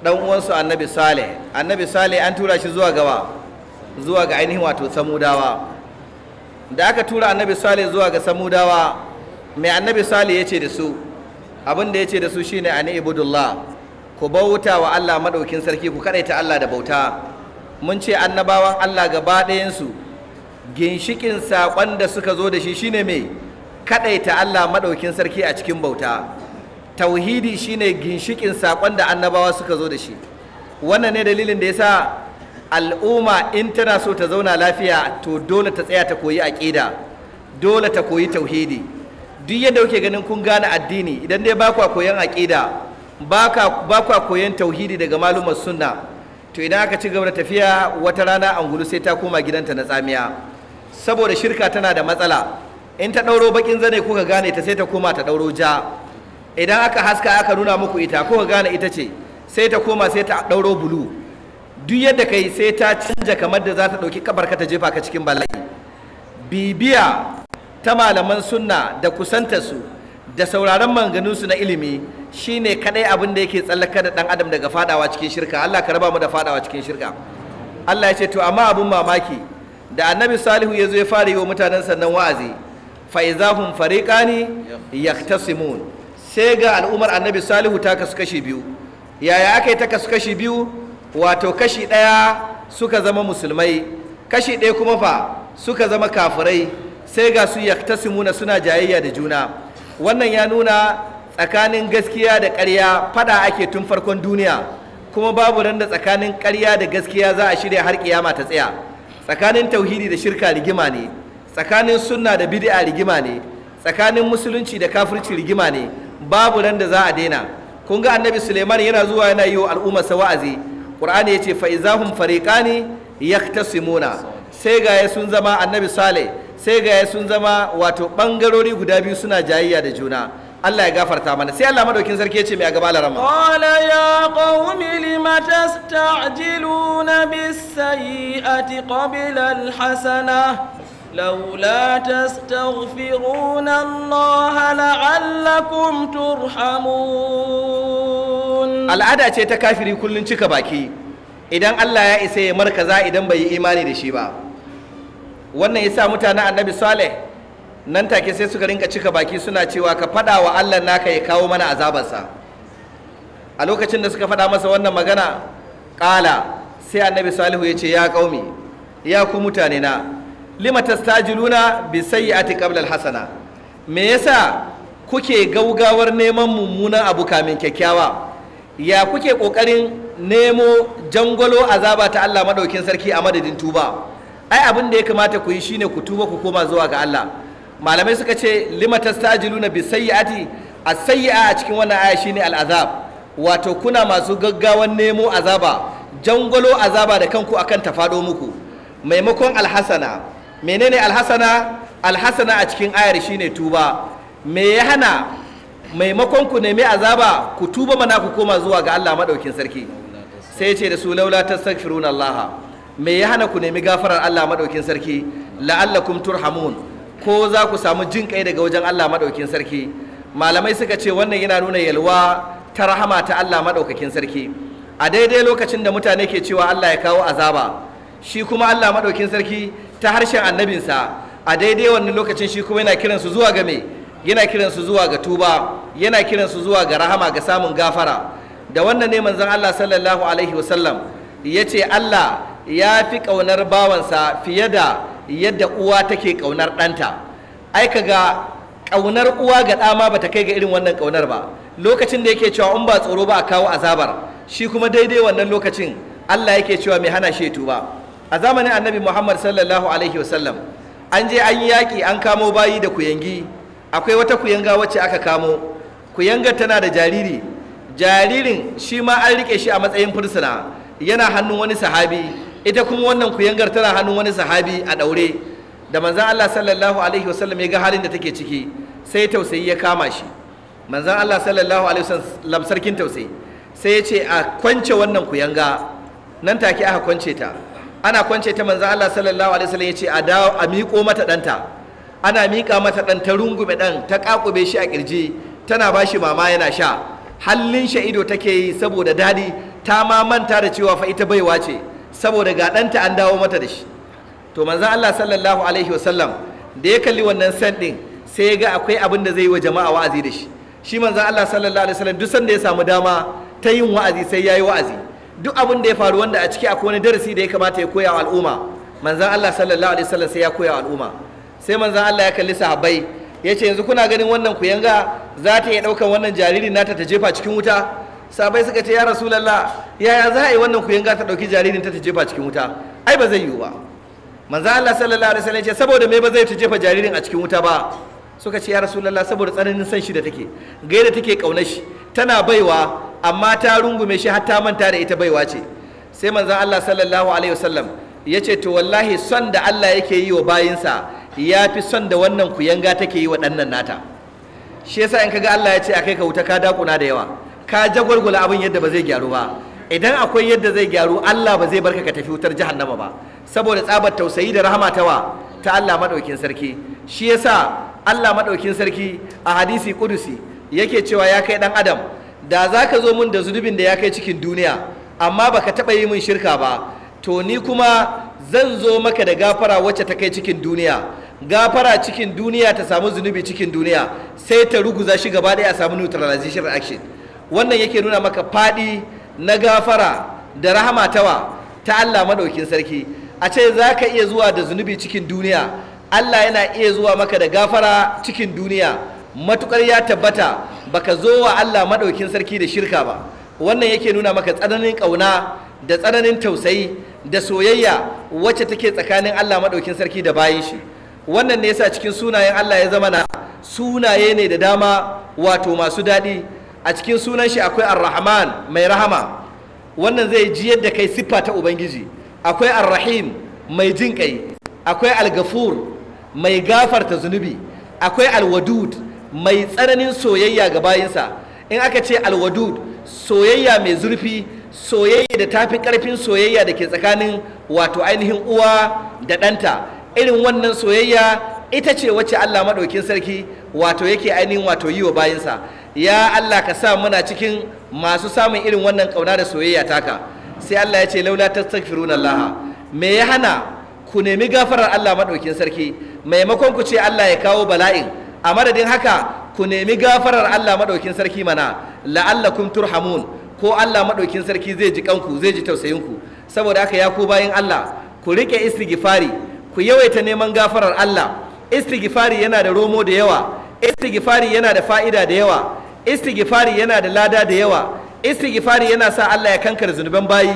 dan uwansu annabi saleh annabi saleh an tura shi zuwa gawa. zuwa ga ainihin wato samudawa da aka tura annabi salih zuwa ga samudawa mai annabi salih ya ce da su abin da ya ce da su shine ani ibudullah ku bauta wa allah maɗaukin sarki ku kaɗaita allah da bauta mun ce annabawan allah gaba ɗayansu ginshikin saƙon da suka zo da shi shine mai kaɗaita allah maɗaukin sarki a cikin bauta tauhidi shine ginshikin saƙon da annabawa suka zo da shi wannan ne dalilin da ya sa al'umma in tana so ta zauna lafiya to dole ta tsaya ta koyi aƙida dole ta koyi tauhidi duk yadda kuke ganin kun gane addini idan dai ba kwa koyan aƙida ba kwa koyan tauhidi daga malumar sunna to idan aka ci gaba da tafiya wata rana an gudu sai ta koma gidanta na tsamiya saboda shirka tana da matsala in ta ɗauro baƙin zane kuka gane ta sai ta koma ta ɗauro ja idan aka haska aka nuna muku ita kuka gane ita ce sai ta koma sai ta ɗauro bulu duk yadda ka yi sai ta canja kamar da za ta ɗauki kabarka ta jefa ka cikin bala'i bibiya ta malaman sunna da kusanta su da sauraron su na ilimi shine kadai abin da yake tsallaka da dan adam daga fadawa cikin shirka Allah ka raba mu da fadawa cikin shirka Allah ya ce to amma abun mamaki da annabi salihu ya zo ya fara yi wa mutanen sannan wa'azi fa izahum fariqani yaktasimun sai ga al'umar annabi salihu ta kasu kashi biyu yaya aka yi ta kasu kashi biyu wato kashi ɗaya suka zama musulmai kashi ɗaya kuma fa suka zama kafirai sai ga su yaktasimuna suna jayayya da juna wannan ya nuna tsakanin gaskiya da ƙarya fada ake tun farkon duniya kuma babu randa da tsakanin ƙarya da gaskiya za a shirya har ƙiyama ta tsaya tsakanin tauhidi da shirka rigima ne tsakanin sunna da bid'a rigima ne tsakanin musulunci da kafirci rigima ne babu randa da za a daina kun ga annabi suleiman yana zuwa yana yi wa al'ummarsa wa'azi qur'ani yace fa izahum fariqani yaktasimuna sai ga sun zama annabi sale sai ga sun zama wato bangarori guda biyu suna jayayya da juna Allah ya gafarta mana sai Allah madaukin sarki ya ce mai a gaba larama qala ya qaumi lima tasta'jiluna qabla al hasana laula tastaghfiruna Allah la'allakum al'ada ce ta kafiri kullun cika baki idan Allah ya isa ya markaza idan bai yi imani da shi ba wannan ya sa mutanen annabi saleh nan take sai suka rinka cika baki suna cewa ka fada wa Allah naka ya kawo mana azabarsa a lokacin da suka fada masa wannan magana kala sai annabi salihu ya ce ya kaumi ya ku mutane na lima tastajiluna bi sayyi'ati qabla alhasana me yasa kuke gaugawar neman mummunan abu kamin kyakkyawa ya kuke kokarin nemo jangolo azaba ta Allah madaukin sarki a madadin tuba ai abin da ya kamata ku yi shine ku tuba ku koma zuwa ga Allah malamai suka ce lima bisayyati bis as sayyi'a a cikin wannan aya shine al'azab wato kuna masu gaggawan nemo azaba jangolo azaba da kanku akan ta fado muku maimakon alhasana menene alhasana alhasana a cikin ayar shine tuba me ya hana maimakon ku nemi azaba ku tuba mana ku koma zuwa ga Allah madaukin sarki sai ce da su laula tastaghfiruna Allah me ya hana ku nemi gafarar Allah madaukin sarki la'allakum turhamun ko za ku samu jin kai daga wajen Allah madaukin sarki malamai suka ce wannan yana nuna yalwa ta rahama ta Allah madaukakin sarki a daidai lokacin da mutane ke cewa Allah ya kawo azaba shi kuma Allah madaukin sarki ta harshen annabinsa a daidai wannan lokacin shi kuma yana kiransu zuwa ga me yana kiransu zuwa ga tuba yana kiransu zuwa ga rahama ga samun gafara da wannan ne manzon Allah sallallahu alaihi wasallam ya ce Allah ya fi ƙaunar bawansa fiye da yadda uwa take ƙaunar ɗanta ai ga ƙaunar uwa ga ɗa ma bata kai ga irin wannan ƙaunar ba lokacin da yake cewa in ba tsoro ba a kawo azabar shi kuma daidai wannan lokacin Allah yake cewa mai hana shi tuba a zamanin annabi Muhammad sallallahu alaihi wasallam an je an yi yaƙi an kamo bayi da kuyangi akwai wata kuyanga wacce aka kamo kuyanga tana da jariri jaririn shi ma an rike shi a matsayin fursuna yana hannun wani sahabi ita kuma wannan kuyangar tana hannun wani sahabi a daure da manzan Allah sallallahu alaihi wasallam ya ga halin da take ciki sai tausayi ya kama shi manzan Allah sallallahu alaihi wasallam sarkin tausayi sai ya ce a kwance wannan kuyanga nan take aka kwance ta ana kwance ta manzan Allah sallallahu alaihi wasallam ya ce a dawo a miƙo mata ɗanta ana mika mata ɗan ta rungume ɗan ta ƙaƙube shi a ƙirji tana ba shi mama yana sha hallin sha ido take yi saboda daɗi ta ma manta da cewa fa ita baiwa ce saboda ga ɗanta an dawo mata da shi to manzan Allah sallallahu alaihi wasallam da ya kalli wannan san ɗin sai ya ga akwai abin da zai yi wa jama'a wa'azi da shi shi manzan Allah sallallahu alaihi wasallam duk sanda ya samu dama ta yin wa'azi sai ya yi wa'azi duk abin da ya faru wanda a ciki akwai wani darasi da ya kamata ya koya wa al'umma manzan Allah sallallahu alaihi wasallam sai ya koya wa al'umma sai manzan Allah ya kalli sahabbai ya ce yanzu kuna ganin wannan kuyanga za ta iya ɗaukan wannan jariri nata ta jefa cikin wuta sahabbai suka ce ya rasulallah yaya za a yi wannan kuyanga ta ɗauki jaririn ta ta jefa cikin wuta ai ba zai yiwu ba manzan Allah sallallahu alaihi wasallam ya ce saboda me ba zai ta jefa jaririn a cikin wuta ba suka ce ya rasulallah saboda tsananin san shi da take gaida take kaunar shi tana baiwa amma ta rungume shi har ta manta da ita baiwa ce sai manzan Allah sallallahu alaihi wasallam ya ce to wallahi son da Allah yake yi wa bayinsa ya fi son da wannan kuyanga take yi waɗannan nata shi yasa in kaga Allah ya ce akai ka wuta ka dakuna da yawa ka jagwalgwala abin yadda ba zai gyaru ba idan akwai yadda zai gyaru Allah ba zai barka ka tafi wutar jahannama ba saboda tsabar tausayi da rahama tawa ta Allah madaukin sarki shi yasa Allah madaukin sarki a hadisi kudusi yake cewa ya kai dan adam da zaka zo mun da zudubin da ya kai cikin duniya amma baka taba yi mun shirka ba to ni kuma zan zo maka da gafara wacce ta kai cikin duniya gafara cikin duniya ta samu zunubi cikin duniya sai ta ruguza shi gaba ɗaya a samu neutralization action wannan yake nuna maka fadi na gafara da rahama tawa ta Allah madaukin sarki a ce za ka iya zuwa da zunubi cikin duniya Allah yana iya zuwa maka da gafara cikin duniya matukar ya tabbata baka zo wa Allah madaukin sarki da shirka ba wannan yake nuna maka tsananin kauna da tsananin tausayi da soyayya wacce take tsakanin Allah madaukin sarki da bayin shi wannan ne yasa cikin sunayen Allah ya zama na sunaye ne da dama wato masu daɗi a cikin sunan shi akwai ar mai rahama wannan zai ji yadda kai siffa ta ubangiji akwai ar mai jin kai akwai al-ghafur mai gafarta zunubi akwai al-wadud mai tsananin soyayya ga bayinsa in aka ce al-wadud soyayya mai zurfi soyayya da tafi karfin soyayya da ke tsakanin wato ainihin uwa da ɗanta irin wannan soyayya ita ce wacce Allah maɗaukin sarki wato yake ainihin wato yi wa bayinsa ya Allah ka sa muna cikin masu samun irin wannan ƙauna da soyayya taka sai Allah ya ce laula na laha me ya hana ku nemi gafarar Allah maɗaukin sarki maimakon ku ce Allah ya kawo bala'in a madadin haka ku nemi gafarar Allah maɗaukin sarki mana la'allakum turhamun ko Allah maɗaukin sarki zai ji kanku zai ji tausayinku saboda haka ya ku bayan Allah ku riƙe istighfari ku yawaita neman gafarar Allah istighfari yana da romo da yawa istighfari yana da fa'ida da yawa istighfari yana da lada da yawa istighfari yana sa Allah ya kankar zunuban bayi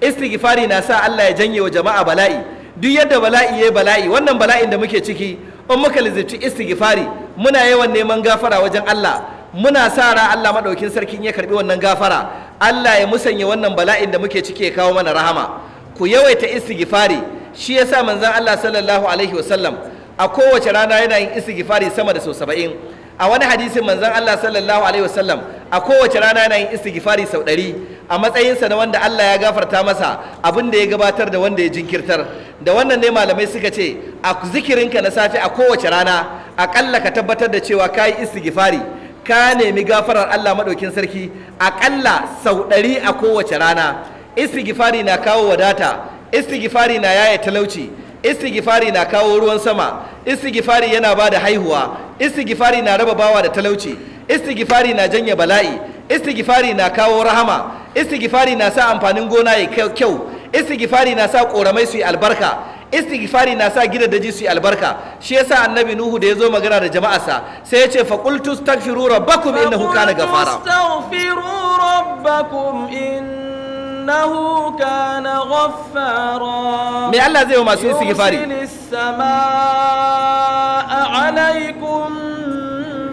istighfari na sa Allah ya janye wa jama'a bala'i duk yadda bala'i yayi bala'i wannan bala'in da muke ciki in muka lizirci istighfari muna yawan neman gafara wajen Allah muna sa ra Allah madaukin sarkin ya karbi wannan gafara Allah ya musanya wannan bala'in da muke ciki ya kawo mana rahama ku yawaita istighfari shi ya sa manzan Allah sallallahu alaihi wasallam a kowace rana yana yin istighfari sama da sau saba'in a wani hadisin manzan Allah sallallahu alaihi wasallam a kowace rana yana yin istighfari sau ɗari a matsayinsa na wanda Allah ya gafarta masa abin da ya gabatar da wanda ya jinkirtar da wannan ne malamai suka ce a zikirinka na safe a kowace rana aƙalla ka tabbatar da cewa ka yi istighfari ka nemi gafarar Allah maɗaukin sarki aƙalla sau ɗari a kowace rana istighfari na kawo wadata istighfari na yaya talauci istighfari na kawo ruwan sama istighfari yana ba da haihuwa istighfari na raba bawa da talauci istighfari na janya bala'i istighfari na kawo rahama istighfari na sa amfanin gona ya kyau istighfari na sa koramai su yi albarka istighfari na sa daji su yi albarka shi yasa annabi nuhu da ya zo magana da jama'arsa sai ya ce fa qultu astaghfiru rabbakum innahu kana ghafara astaghfiru rabbakum innahu إنه كان غفارا مي الله زي وما سوي سيغفاري يرسل السماء عليكم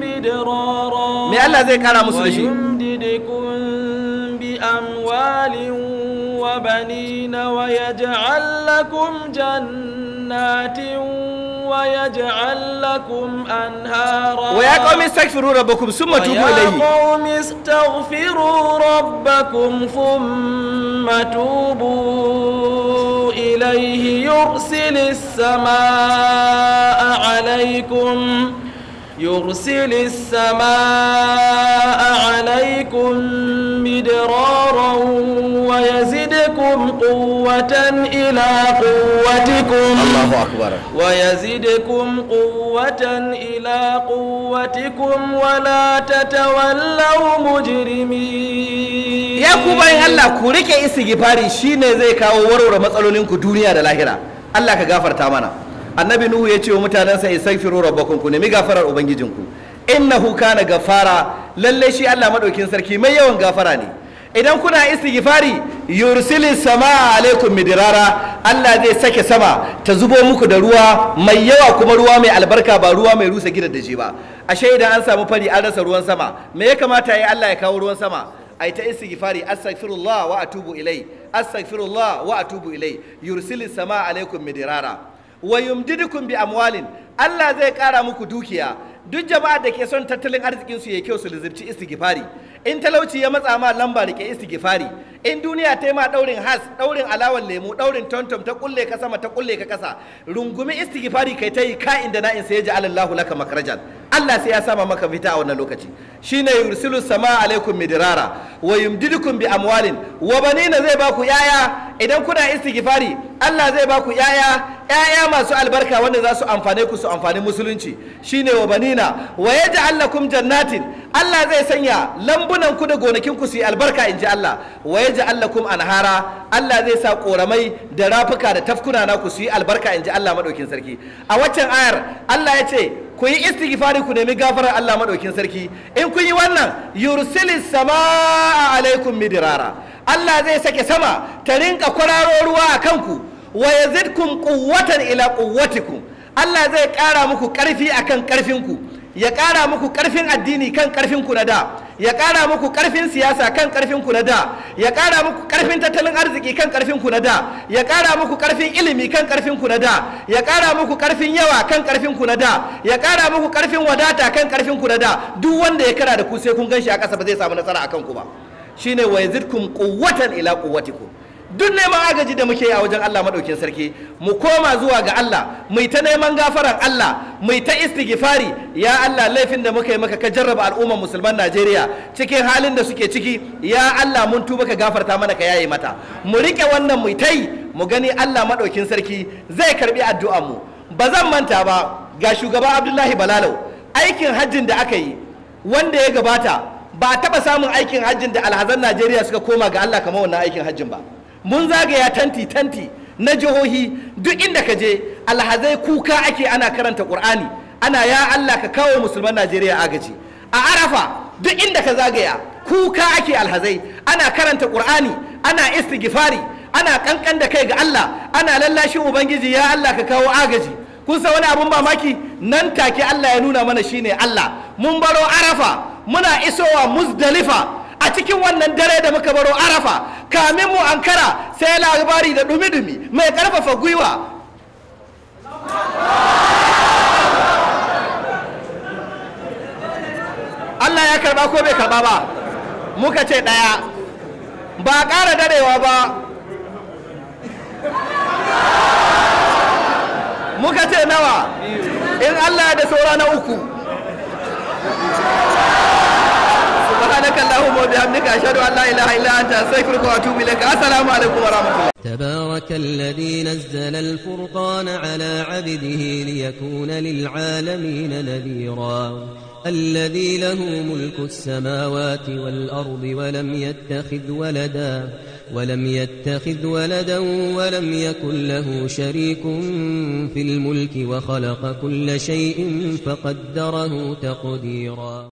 مدرارا مي الله زي كان مسلشي ويمددكم بأموال وبنين ويجعل لكم جنات ويجعل لكم أنهارا ويا قوم استغفروا ربكم ثم توبوا إليه ويا قوم استغفروا ربكم ثم توبوا إليه يرسل السماء عليكم يرسل السماء عليكم مدرارا ويزدكم قوة إلى قوتكم الله أكبر ويزدكم قوة إلى قوتكم ولا تتولوا مجرمين يا كوباي الله كوريك استغفاري شيني زي كاو ورور مسألولين كدنيا دلاهرة الله كغافر تامانا annabi nuhu ya ce wa mutanensa istaghfiru rabbakum ku nemi gafarar ubangijinku innahu na gafara lallai shi Allah maɗaukin sarki mai yawan gafara ne idan kuna istighfari yursilis sama alaikum midirara Allah zai sake sama ta zubo muku da ruwa mai yawa kuma ruwa mai albarka ba ruwa mai rusa gidan da ba ashe idan an samu fari an rasa ruwan sama me ya kamata yi Allah ya kawo ruwan sama ai ta istighfari astaghfirullah wa atubu ilai astaghfirullah wa atubu ilai yursilis sama alaikum midirara wa yumdidukum bi amwalin Allah zai kara muku dukiya duk jama'a da ke son tattalin arzikin su ya kyau su lizirci istighfari in talauci ya matsa ma lamba da ke istighfari in duniya ta ma daurin has daurin alawan lemu daurin tontom ta kulle ka sama ta kulle ka kasa rungumi istighfari kai ta yi ka'in da na'in sai ya ji alallahu laka makrajan Allah sai ya sama maka fita a wannan lokaci shine yursilu sama alaikum midirara wa yumdidukum bi amwalin wa banina zai baku yaya idan kuna istighfari Allah zai baku yaya ‘ya'ya masu albarka wanda za su amfane ku su amfani musulunci shine wa banina wa ya ji allakum jannatin Allah zai sanya lambunan ku da gonakin ku su yi albarka in ji Allah wa ya ji allakum anhara Allah zai sa koramai da rafuka da tafkuna na ku su yi albarka in ji Allah maɗaukin sarki a waccan ayar Allah ya ce ku yi istighfari ku nemi gafarar Allah maɗaukin sarki in kun yi wannan yursilis sama'a alaikum midirara Allah zai sake sama ta rinka kwararo ruwa a kanku wa yazidkum quwwatan ila quwwatikum Allah zai ƙara muku ƙarfi akan ƙarfinku ya ƙara muku ƙarfin addini kan ƙarfinku na da ya kara muku ƙarfin siyasa kan ƙarfinku na da ya ƙara muku ƙarfin tattalin arziki kan ƙarfinku na da ya kara muku ƙarfin ilimi kan ƙarfinku na da ya kara muku ƙarfin yawa kan ƙarfinku na da ya ƙara muku karfin wadata kan ƙarfinku na da duk wanda ya kara da ku sai kun ganshi a ƙasa ba zai samu nasara a ku ba shine wa yazidkum quwwatan ila quwwatikum duk neman agaji da muke a wajen Allah maɗaukin sarki mu koma zuwa ga Allah mu ta neman gafaran Allah mu ta istighfari ya Allah laifin da muka yi maka ka jarraba al'ummar musulman Najeriya cikin halin da suke ciki ya Allah mun tuba ka gafarta mana ka yaye mata mu rike wannan mu ta yi mu gani Allah madaukin sarki zai karbi addu'ar mu ba zan manta ba ga shugaba Abdullahi Balalau aikin hajjin da aka yi wanda ya gabata ba taɓa samun aikin hajjin da alhazan najeriya suka koma ga allah kamar wannan aikin hajjin ba mun zagaya tanti tanti na jihohi duk inda ka je alhazai kuka ake ana karanta qur'ani ana ya Allah ka kawo musulman Najeriya agaji a arafa duk inda ka zagaya kuka ake alhazai ana karanta qur'ani ana istighfari ana kankan da kai ga Allah ana lallashin ubangiji ya Allah ka kawo agaji kun san wani abun mamaki nan take Allah ya nuna mana shine Allah mun baro arafa muna isowa muzdalifa a cikin wannan dare da muka baro arafa kamin mu ankara sai labari da dumi-dumi mai karfafa gwiwa Allah ya karba ko bai karba ba muka ce ɗaya ba ƙara darewa ba muka ce nawa in Allah ya da saura na uku سبحانك اللهم وبحمدك أشهد أن لا إله إلا أنت أستغفرك وأتوب إليك السلام عليكم ورحمة الله تبارك الذي نزل الفرقان على عبده ليكون للعالمين نذيرا الذي له ملك السماوات والأرض ولم يتخذ ولدا ولم يتخذ ولدا ولم يكن له شريك في الملك وخلق كل شيء فقدره تقديرا